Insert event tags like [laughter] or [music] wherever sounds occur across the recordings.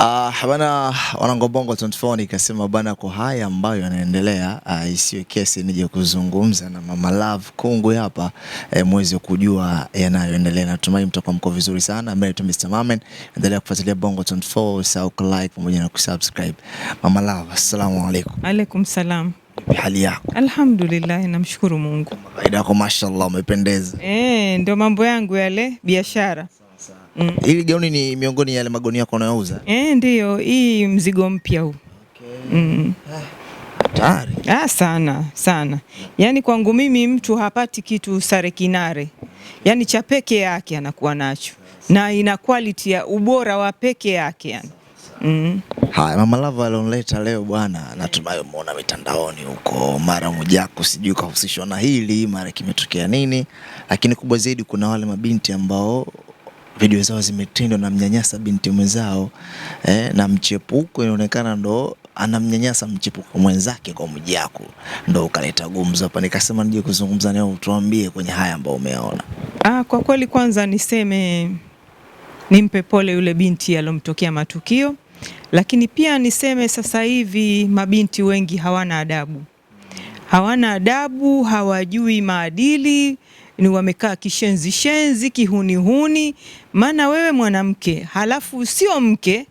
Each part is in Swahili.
Uh, ah, bana wanangobongo 24 nikasema bana, kwa haya ambayo yanaendelea, uh, isiwe kesi nije kuzungumza na Mama Love kongwe hapa eh, mwezi kujua yanayoendelea. Natumai mtakuwa mko vizuri sana. Mimi ni Mr. Mamen, endelea kufuatilia Bongo 24, sawa, ku like pamoja na kusubscribe. Mama Love, assalamu alaykum. Alaykum salam. Hali yako? Alhamdulillah, namshukuru Mungu. Kawaida yako, mashallah, umependeza. Eh, ndio mambo yangu yale biashara Mm. Hili gauni ni miongoni ya yale magoni yako unayouza? Eh, ndio, hii mzigo mpya huu. Okay. Mm. Ah, sana sana. Yaani kwangu mimi mtu hapati kitu sare kinare. Yaani cha peke yake anakuwa nacho na ina quality ya ubora wa peke yake yani. Mm. Haya, Mama Lava alionleta leo bwana, na umeona mitandaoni huko, mara Mwijaku sijui kahusishwa na hili, mara kimetokea nini, lakini kubwa zaidi kuna wale mabinti ambao video zao zimetendwa na mnyanyasa binti mwenzao eh, na mchepuko inaonekana ndo anamnyanyasa mchepuko mwenzake kwa Mwijaku, ndo ukaleta gumzo hapa. Nikasema nije kuzungumza nao, utuambie kwenye haya ambayo umeona. Ah, kwa kweli kwanza niseme nimpe pole yule binti aliyomtokea matukio, lakini pia niseme sasa hivi mabinti wengi hawana adabu, hawana adabu, hawajui maadili ni wamekaa kishenzi shenzi, kihuni huni. Maana wewe mwanamke halafu sio mke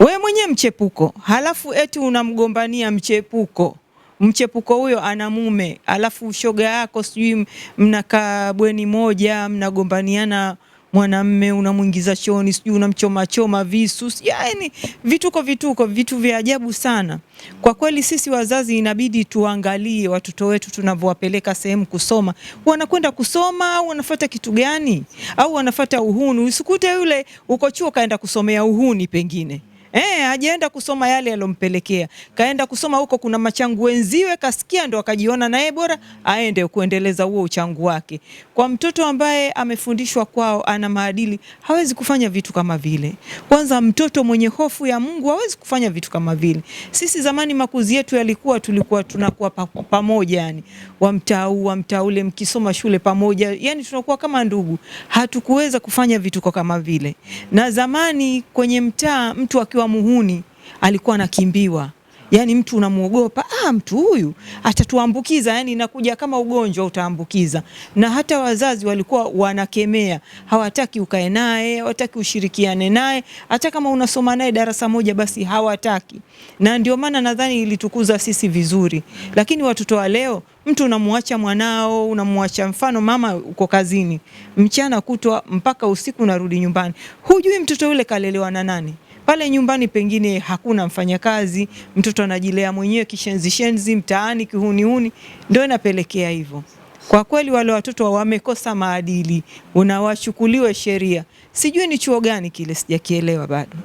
wewe mwenye mchepuko, halafu eti unamgombania mchepuko. Mchepuko huyo ana mume, halafu shoga yako sijui mnakaa bweni moja mnagombaniana mwanamme unamwingiza choni sijui unamchoma choma visu, yani vituko vituko, vitu vya ajabu sana kwa kweli. Sisi wazazi inabidi tuangalie watoto wetu tunavyowapeleka sehemu kusoma, wanakwenda kusoma au wanafuata kitu gani? Au wanafuata uhuni? Usikute yule uko chuo kaenda kusomea uhuni pengine Eh, hajaenda kusoma yale yalompelekea, kaenda kusoma huko, kuna machangu wenziwe kasikia, ndo akajiona naye bora aende kuendeleza huo uchangu wake. Kwa mtoto ambaye amefundishwa kwao, ana maadili, hawezi kufanya vitu kama vile. Kwanza mtoto mwenye hofu ya Mungu hawezi kufanya vitu kama vile. Sisi zamani makuzi yetu yalikuwa, tulikuwa tunakuwa pamoja, yani Wa mtau wa mtaule mkisoma shule pamoja, yani tunakuwa kama ndugu. Hatukuweza kufanya vitu kama vile, na zamani kwenye mtaa mtu akiwa alikuwa muhuni, alikuwa anakimbiwa yani mtu unamwogopa, ah, mtu huyu atatuambukiza, yani inakuja kama ugonjwa utaambukiza. Na hata wazazi walikuwa wanakemea, hawataki ukae naye, hawataki ushirikiane naye, hata kama unasoma naye darasa moja, basi hawataki. Na ndio maana nadhani ilitukuza sisi vizuri, lakini watoto wa leo mtu unamwacha mwanao, unamwacha mfano, mama uko kazini mchana kutwa mpaka usiku, unarudi nyumbani, hujui mtoto yule kalelewa na nani pale nyumbani pengine hakuna mfanyakazi, mtoto anajilea mwenyewe kishenzi shenzi, mtaani kihunihuni, ndio inapelekea hivyo. Kwa kweli wale watoto wamekosa maadili, unawachukuliwe sheria. Sijui ni chuo gani kile, sijakielewa bado,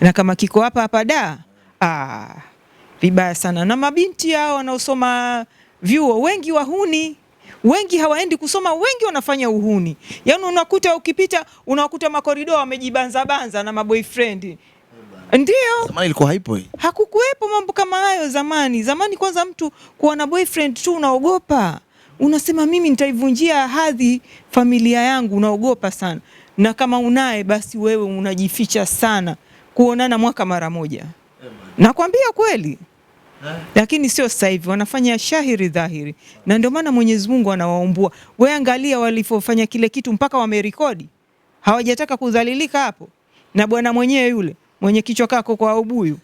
na kama kiko hapa hapa da ah, vibaya sana. Na mabinti hao wanaosoma vyuo wengi wahuni wengi hawaendi kusoma, wengi wanafanya uhuni. Yaani unakuta ukipita unakuta makorido wamejibanza banza na maboyfriend ndio, zamani ilikuwa haipo hii, hakukuwepo mambo kama hayo zamani. Zamani kwanza mtu kuwa na boyfriend tu unaogopa, unasema mimi nitaivunjia hadhi familia yangu, unaogopa sana, na kama unaye basi wewe unajificha sana, kuonana mwaka mara moja, nakwambia kweli ha? lakini sio sasa hivi, wanafanya shahiri dhahiri, na ndio maana Mwenyezi Mungu anawaumbua. Wewe angalia walivyofanya kile kitu, mpaka wamerekodi, hawajataka kudhalilika hapo, na bwana mwenyewe yule mwenye kichwa kako kwa ubuyu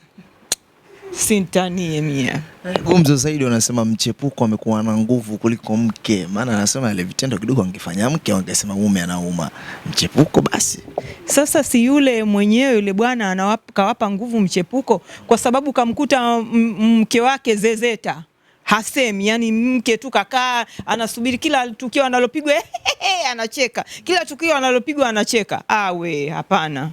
sintanie mia gumzo zaidi. Wanasema mchepuko amekuwa na nguvu kuliko mke, maana anasema ile vitendo kidogo angefanya mke angesema mume anauma. Mchepuko basi sasa, si yule mwenyewe yule bwana anawapa nguvu mchepuko, kwa sababu kamkuta mke wake zezeta hasemi, yani mke tu kakaa anasubiri kila tukio analopigwa [laughs] anacheka, kila tukio analopigwa anacheka. Awe hapana.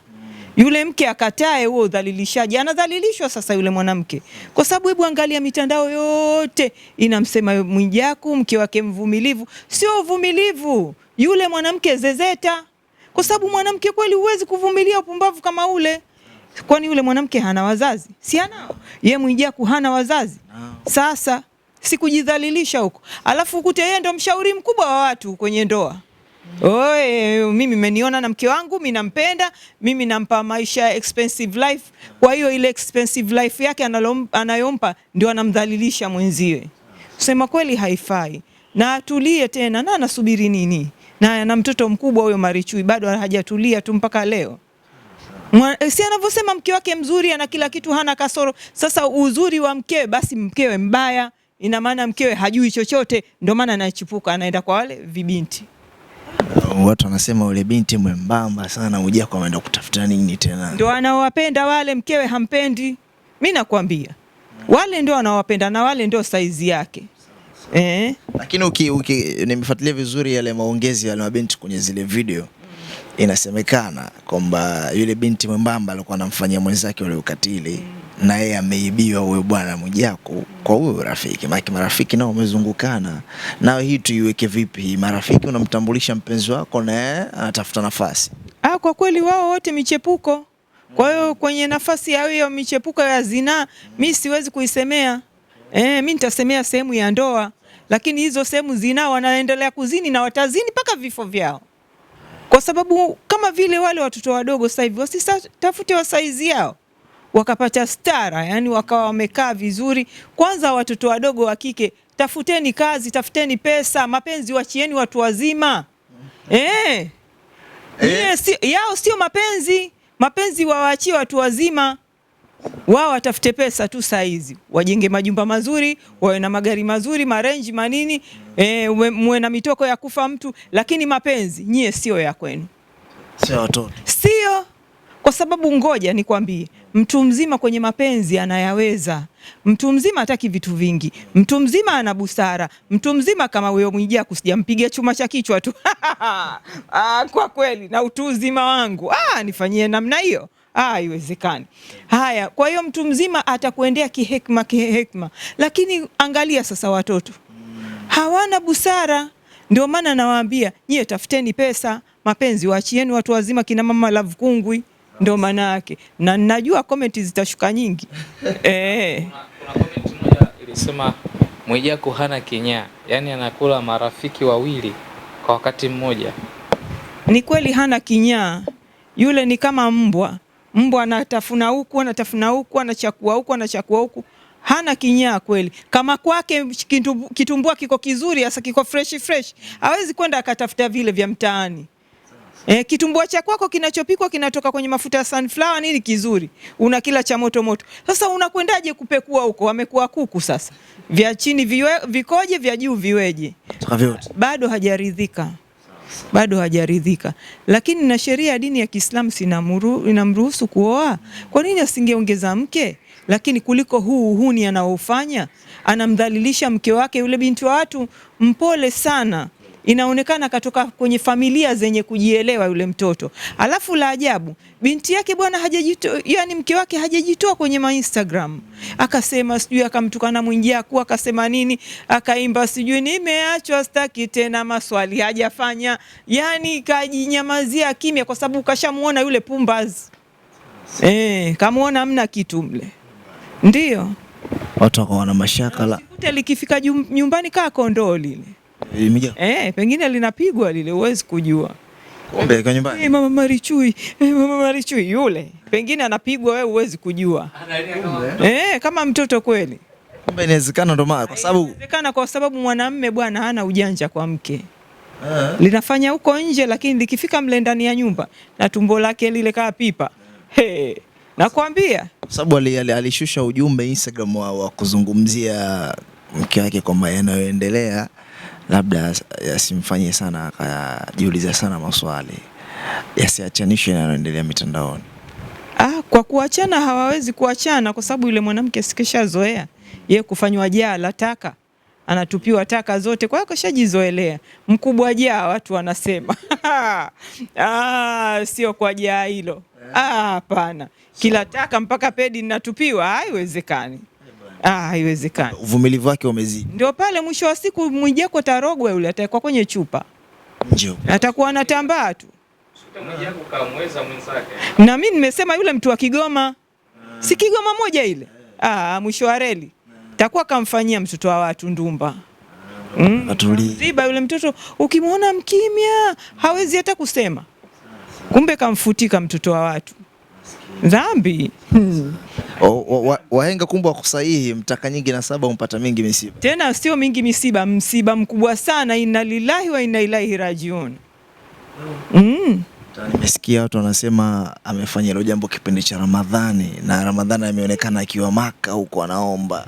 Yule mke akatae huo udhalilishaji, anadhalilishwa sasa yule mwanamke, kwa sababu hebu angalia mitandao yote inamsema Mwijaku mke wake mvumilivu. Sio uvumilivu, yule mwanamke zezeta, kwa sababu mwanamke kweli huwezi kuvumilia upumbavu kama ule. Kwani yule mwanamke hana wazazi? Si anao ye Mwijaku hana wazazi? Sasa sikujidhalilisha huko, alafu ukute yeye ndo mshauri mkubwa wa watu kwenye ndoa. Oe, mimi meniona na mke wangu, mimi nampenda, mimi nampa maisha expensive life. Kwa hiyo ile expensive life yake anayompa ndio anamdhalilisha mwenziwe. Kusema kweli haifai, na atulie tena, na anasubiri nini? Na ana mtoto mkubwa huyo Marichui bado hajatulia tu mpaka leo. Si anavyosema mke wake mzuri, ana kila kitu, hana kasoro. Sasa uzuri wa mkewe, basi mkewe mbaya, ina maana mkewe hajui chochote, ndio maana anachipuka, anaenda kwa wale vibinti. Uh, watu wanasema ule binti mwembamba sana, Mwijaku ameenda kutafuta nini tena? Ndio anaowapenda wale, mkewe hampendi. Mimi nakwambia wale ndio anawapenda na wale ndio saizi yake. Eh, lakini uki, uki nimefuatilia vizuri yale maongezi yale mabinti kwenye zile video inasemekana kwamba yule binti mwembamba alikuwa anamfanyia mwenzake ule ukatili mm. na yeye ameibiwa huyo bwana Mwijaku kwa huyo rafiki, maana marafiki nao wamezungukana nao. Hii tuiweke vipi? Marafiki unamtambulisha mpenzi wako na yeye anatafuta nafasi. Ah, kwa kweli wao wote michepuko. Kwa hiyo kwenye nafasi ya hiyo michepuko ya zinaa mi siwezi kuisemea. Eh, mi nitasemea sehemu ya ndoa, lakini hizo sehemu zinaa wanaendelea kuzini na watazini mpaka vifo vyao kwa sababu kama vile wale watoto wadogo sasa hivi wasitafute wasaizi yao wakapata stara, yani wakawa wamekaa vizuri. Kwanza watoto wadogo wa kike, tafuteni kazi, tafuteni pesa, mapenzi wachieni watu wazima eh. Eh. eh. Si, yao sio mapenzi, mapenzi wawaachie watu wazima, wao watafute pesa tu saizi wajenge majumba mazuri, wawe na magari mazuri, marenji manini e, mwe na mitoko ya kufa mtu, lakini mapenzi nyie sio ya kwenu, sio watoto, sio kwa sababu ngoja nikwambie, mtu mzima kwenye mapenzi anayaweza. Mtu mzima hataki vitu vingi, mtu mzima ana busara, mtu mzima kama wewe Mwijaku, sijampiga chuma cha kichwa tu [laughs] ah, kwa kweli na utu uzima wangu ah, nifanyie namna hiyo ah, haiwezekani. Ah, haya. Kwa hiyo mtu mzima atakuendea kihekma, kihekma, lakini angalia sasa watoto hawana busara. Ndio maana nawaambia nyie, tafuteni pesa, mapenzi waachieni watu wazima, kina mama love kungwi, ndio maana yake, na najua comment zitashuka nyingi [laughs] eh. Kuna comment moja ilisema Mwijaku hana kinyaa, yani anakula marafiki wawili kwa wakati mmoja. Ni kweli hana kinyaa, yule ni kama mbwa. Mbwa anatafuna huku anatafuna huku anachakua huku anachakua huku hana kinyaa kweli. Kama kwake kitumbua kiko kizuri, hasa kiko fresh fresh, hawezi kwenda akatafuta vile vya mtaani. E, kitumbua cha kwako kinachopikwa kinatoka kwenye mafuta ya sunflower nini kizuri, una kila cha moto moto. Sasa unakwendaje kupekua huko? Amekuwa kuku sasa, vya chini viwe, vikoje, vya juu viweje? Bado hajaridhika bado hajaridhika, lakini na sheria ya dini ya Kiislamu inamruhusu kuoa. Kwa nini asingeongeza mke? Lakini kuliko huu uhuni anaofanya, anamdhalilisha mke wake. Yule binti wa watu mpole sana inaonekana katoka kwenye familia zenye kujielewa yule mtoto. Alafu la ajabu, binti yake bwana hajajitoa, yani mke wake hajajitoa kwenye ma Instagram, akasema sijui, akamtukana Mwijaku, akasema nini, akaimba sijui nimeachwa, staki tena, maswali hajafanya, yani kajinyamazia kimya, kwa sababu kashamuona yule pumbazi eh, kamuona mna kitu mle, ndio watu wakawa na mashaka la likifika nyumbani kaa kondoo lile eh, pengine linapigwa lile, huwezi kujua. Kumbe kwa nyumbani. Eh, hey, mama Marichui, eh, hey, mama Marichui yule pengine anapigwa, wewe huwezi kujua eh, hey, kama mtoto kweli. Kumbe inawezekana, ndo maana kwa sababu inawezekana kwa sababu mwanamume bwana hana ujanja kwa mke Uh, eh. huh linafanya huko nje lakini likifika mle ndani ya nyumba na tumbo lake lile kaa pipa. Hey, nakwambia kwa sababu alishusha ujumbe Instagram wa kuzungumzia mke wake kwamba yanayoendelea labda yasimfanye sana akajiuliza sana maswali, yasiachanishwe yanayoendelea mitandaoni. Ah, kwa kuachana hawawezi kuachana kwa sababu yule mwanamke sikishazoea ye kufanywa jaa la taka, anatupiwa taka zote, kwa hiyo kashajizoelea. Mkubwa jaa, watu wanasema [laughs] ah, sio kwa jaa hilo ah, hapana. Ah, kila taka mpaka pedi ninatupiwa, haiwezekani. Ah, haiwezekani. Uvumilivu wake umezidi. Ndio pale mwisho wa siku Mwijeko tarogwa yule, atakwa kwenye chupa Ndio. atakuwa anatambaa tu na mimi nimesema yule mtu wa Kigoma si Kigoma moja ile, ah, mwisho wa reli takuwa kamfanyia mtoto wa watu ndumba mm. Ziba yule mtoto ukimwona mkimya hawezi hata kusema, kumbe kamfutika mtoto wa watu dhambi hmm. Oh, wahenga kumbe wakusahihi, mtaka nyingi na saba umpata mingi misiba, tena sio mingi misiba, msiba mkubwa sana. Inna lillahi wa inna ilaihi rajiun. mm. Nimesikia watu wanasema amefanya hilo jambo kipindi cha Ramadhani na Ramadhani ameonekana akiwa Maka huko anaomba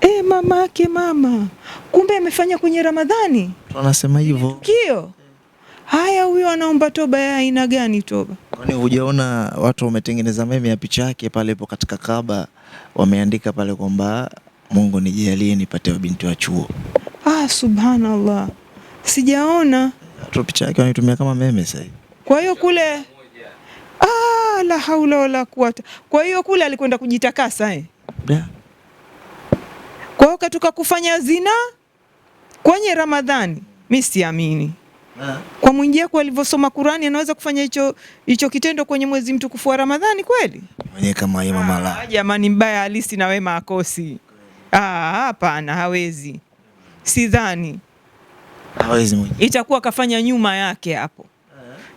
e, mama yake mama, kumbe amefanya kwenye Ramadhani, wanasema hivyo kio Haya, huyo anaomba toba ya aina gani? Toba kwani hujaona watu wametengeneza meme ya picha yake pale ipo katika kaba wameandika pale kwamba Mungu nijalie nipate wabinti wa chuo. Ah, subhanallah, sijaona tu picha yake wanaitumia kama meme sasa. Kwa hiyo kule, ah, la haula wala kuwata. Kwa hiyo kule alikwenda kujitakasa eh? Yeah. Kwa hiyo katoka kufanya zina kwenye Ramadhani, mimi siamini. Kwa Mwijaku alivyosoma Qur'ani anaweza kufanya hicho hicho kitendo kwenye mwezi mtukufu wa Ramadhani kweli? Mwenye kama yeye ah, mama la. Jamani mbaya halisi na wema akosi. Ah, hapana hawezi. Sidhani. Hawezi mwenye. Itakuwa kafanya nyuma yake hapo.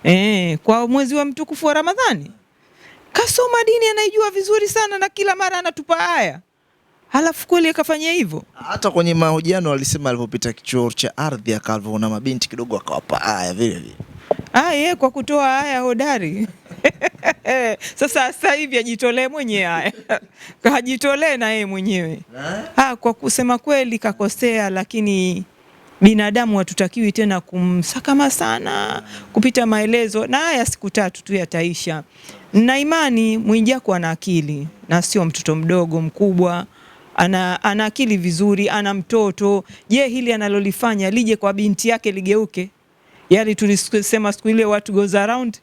Eh. eh, kwa mwezi wa mtukufu wa Ramadhani. Kasoma dini anaijua vizuri sana na kila mara anatupa haya. Halafu kweli akafanya hivyo. Hata kwenye mahojiano alisema alipopita kichuo cha ardhi akavyoona mabinti kidogo akawapa haya vile vile. Ah, yeye kwa kutoa haya hodari [laughs] Sasa sasa hivi ajitolee mwenyewe haya, Kajitolee [laughs] na yeye mwenyewe eh? Ah, kwa kusema kweli kakosea, lakini binadamu hatutakiwi tena kumsakama sana kupita maelezo, na haya siku tatu tu yataisha, na imani Mwijaku ana akili na sio mtoto mdogo, mkubwa ana, ana akili vizuri, ana mtoto. Je, hili analolifanya lije kwa binti yake ligeuke? Yaani tulisema siku ile watu goes around.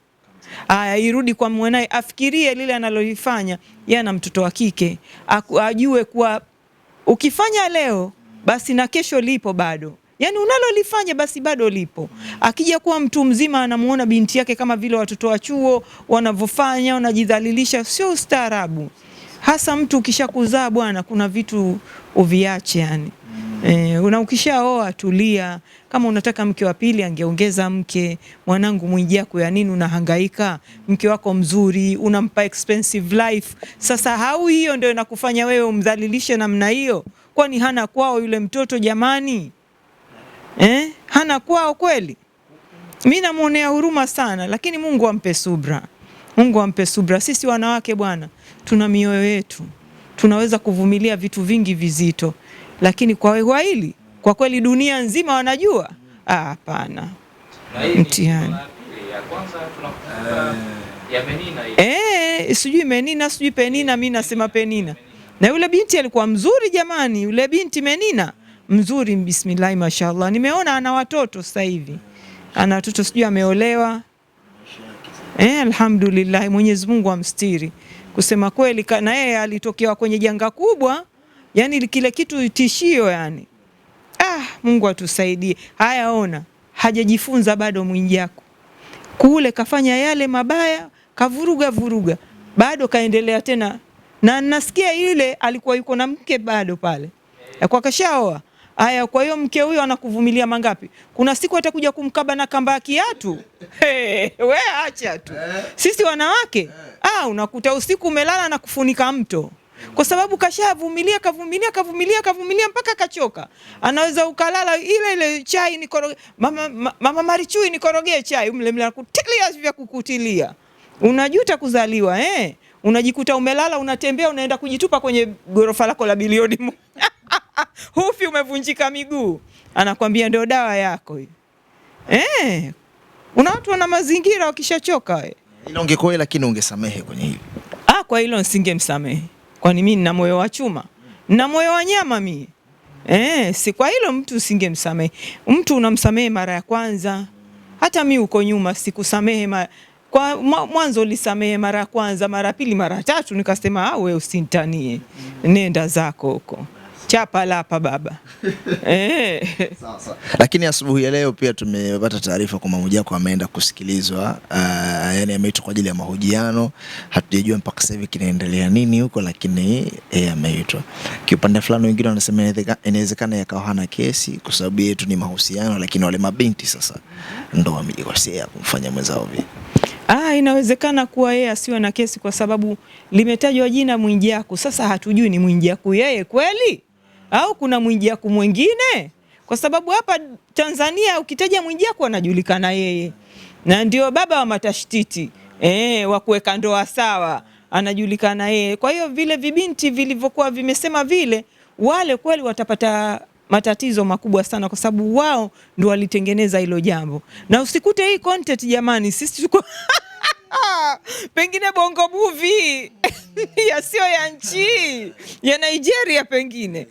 Aya, irudi kwa mwanae, afikirie lile analolifanya. Yeye ana mtoto wa kike, ajue kuwa ukifanya leo basi na kesho lipo bado, yaani unalolifanya basi bado lipo. Akija kuwa mtu mzima, anamuona binti yake kama vile watoto wa chuo wanavyofanya, wanajidhalilisha, sio ustaarabu hasa mtu ukishakuzaa bwana, kuna vitu uviache yani E, eh, na ukishaoa tulia. Kama unataka mke wa pili, angeongeza mke. Mwanangu Mwijaku, ya nini unahangaika? Mke wako mzuri, unampa expensive life. Sasa hau hiyo ndio inakufanya wewe umdhalilishe namna hiyo? Kwani hana kwao yule mtoto jamani, eh? Hana kwao kweli? Mimi namwonea huruma sana, lakini Mungu ampe subra, Mungu ampe subra. Sisi wanawake bwana tuna mioyo yetu, tunaweza kuvumilia vitu vingi vizito, lakini kwa wewe hili kwa kweli dunia nzima wanajua, ah, hapana. Mtihani eh. eh, sijui Menina, sijui Penina, mimi nasema Penina. Na yule binti alikuwa mzuri jamani, yule binti Menina mzuri, bismillah, mashallah. Nimeona ana watoto sasa hivi, ana watoto, sijui ameolewa. Eh, alhamdulillah, Mwenyezi Mungu amstiri. Kusema kweli, na yeye alitokewa kwenye janga kubwa, yani kile kitu tishio, yani ah, Mungu atusaidie. Haya, ona, hajajifunza bado Mwijaku, kule kafanya yale mabaya, kavuruga vuruga, bado kaendelea tena, na nasikia ile alikuwa yuko na mke bado pale, akakashaoa Aya, kwa hiyo mke huyo anakuvumilia mangapi? Kuna siku atakuja kumkaba na kamba ya kiatu [laughs] hey, we acha tu. Eh. Sisi wanawake eh. ah, unakuta usiku umelala na kufunika mto kwa sababu kashavumilia kavumilia kavumilia kavumilia mpaka kachoka. Anaweza ukalala ile ile chai ni koroge, mama, ma, mama Marichui ni nikorogee chai, mle mle kutilia vya kukutilia, unajuta kuzaliwa eh? Unajikuta umelala unatembea unaenda kujitupa kwenye gorofa lako la bilioni moja [laughs] [laughs] Ah, hufi umevunjika miguu, anakwambia ndio dawa yako hiyo eh. Una watu wana mazingira wakishachoka we. Ila ungekuwa lakini ungesamehe kwenye hili. Ah, kwa hilo nisingemsamehe, kwani mimi nina moyo wa chuma, nina moyo wa nyama mimi eh, si kwa hilo mtu singemsamehe. Mtu unamsamehe mara ya kwanza. Hata mimi uko nyuma sikusamehe ma... kwa mwanzo ulisamehe mara ya kwanza, mara pili, mara tatu, nikasema ah, wewe usinitanie, nenda zako huko chapa la hapa baba [laughs] eh. Sasa lakini asubuhi ya leo pia tumepata taarifa kwamba Mwijaku ameenda kusikilizwa, uh, yani ameitwa kwa ajili ya mahojiano. Hatujajua mpaka sasa hivi kinaendelea nini huko, lakini eh, ameitwa. Kiupande fulani, wengine wanasema inawezekana yakawa hana kesi kwa sababu yetu ni mahusiano, lakini wale mabinti sasa ndo wamejikosea kumfanya mwenzao vile. Ah, inawezekana kuwa yeye asiwe na kesi kwa sababu limetajwa jina Mwijaku. Sasa hatujui ni Mwijaku yeye kweli au kuna Mwijaku mwingine? Kwa sababu hapa Tanzania ukitaja Mwijaku anajulikana yeye, na ndio baba wa matashtiti eh, wa kuweka ndoa sawa, anajulikana yeye. Kwa hiyo vile vibinti vilivyokuwa vimesema vile, wale kweli watapata matatizo makubwa sana kwa sababu wao ndio walitengeneza hilo jambo, na usikute hii content jamani, sisi tuko [laughs] Ah, pengine bongo movie [laughs] yasiyo ya nchi ya Nigeria, pengine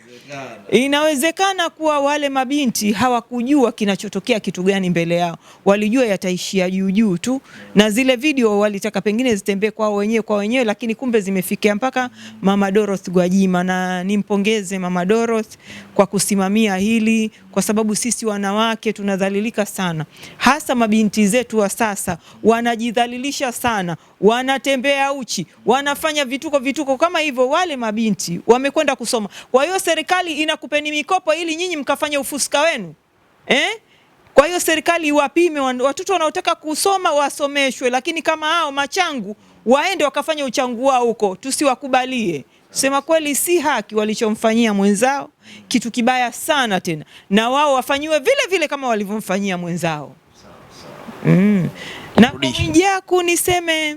inawezekana kuwa wale mabinti hawakujua kinachotokea kitu gani mbele yao, walijua yataishia juu juu tu, na zile video walitaka pengine zitembee kwao wenyewe kwa wenyewe, lakini kumbe zimefikia mpaka Mama Dorothy Gwajima, na nimpongeze Mama Dorothy kwa kusimamia hili, kwa sababu sisi wanawake tunadhalilika sana, hasa mabinti zetu wa sasa wanajidhalilisha sana, wanatembea uchi, wanafanya vituko vituko kama hivyo. Wale mabinti wamekwenda kusoma, kwa hiyo serikali inakupeni mikopo ili nyinyi mkafanye ufuska wenu eh? Kwa hiyo serikali iwapime watoto wanaotaka kusoma wasomeshwe, lakini kama hao machangu waende wakafanya uchangu wao huko, tusiwakubalie. Sema kweli, si haki walichomfanyia mwenzao, kitu kibaya sana tena, na wao wafanyiwe vile vile kama walivyomfanyia mwenzao. Mm na Mwijaku niseme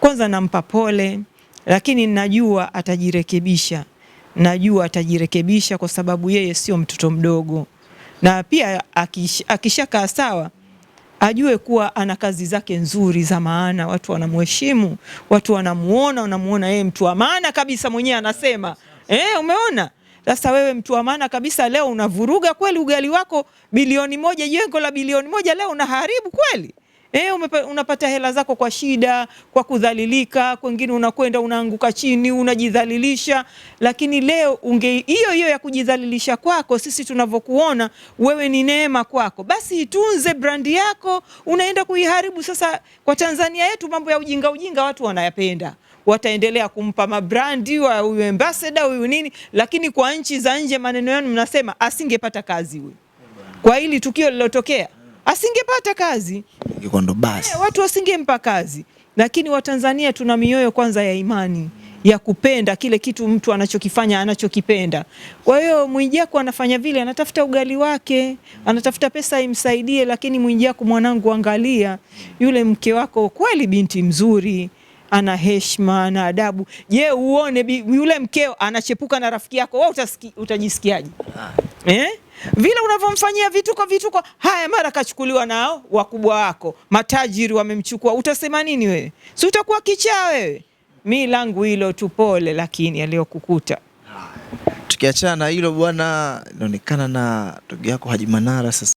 kwanza nampa pole, lakini najua atajirekebisha, najua atajirekebisha kwa sababu yeye sio mtoto mdogo, na pia akishakaa sawa ajue kuwa ana kazi zake nzuri za maana, watu wanamheshimu, watu wanamuona, wanamuona yeye mtu wa maana kabisa. Mwenyewe anasema eh, umeona sasa wewe mtu wa maana kabisa, leo unavuruga kweli ugali wako bilioni moja, jengo la bilioni moja leo unaharibu kweli eh, unapata hela zako kwa shida, kwa kudhalilika, kwengine unakwenda unaanguka chini, unajidhalilisha. Lakini leo unge hiyo hiyo ya kujidhalilisha kwako, sisi tunavyokuona wewe ni neema kwako, basi itunze brandi yako, unaenda kuiharibu. Sasa kwa Tanzania yetu mambo ya ujinga ujinga watu wanayapenda wataendelea kumpa mabrandi wa huyu ambassador huyu nini, lakini kwa nchi za nje maneno yenu mnasema asingepata kazi huyu, kwa hili tukio lilotokea asingepata kazi, ndo basi eh, watu wasingempa kazi. Lakini Watanzania tuna mioyo kwanza ya imani ya kupenda kile kitu mtu anachokifanya anachokipenda. Kwa hiyo Mwijaku anafanya vile, anatafuta ugali wake, anatafuta pesa imsaidie. Lakini Mwijaku, mwanangu, angalia yule mke wako, kweli binti mzuri, ana heshima, ana adabu. Je, uone yule mkeo anachepuka na rafiki yako, wewe utajisikiaje ah. eh? vile unavyomfanyia vituko vituko, haya mara kachukuliwa nao wakubwa wako matajiri wamemchukua, utasema nini wewe? Si utakuwa kichaa wewe? Mi langu hilo tu, pole lakini yaliyokukuta. Tukiachana na hilo bwana, inaonekana na ndugu yako Haji Manara sasa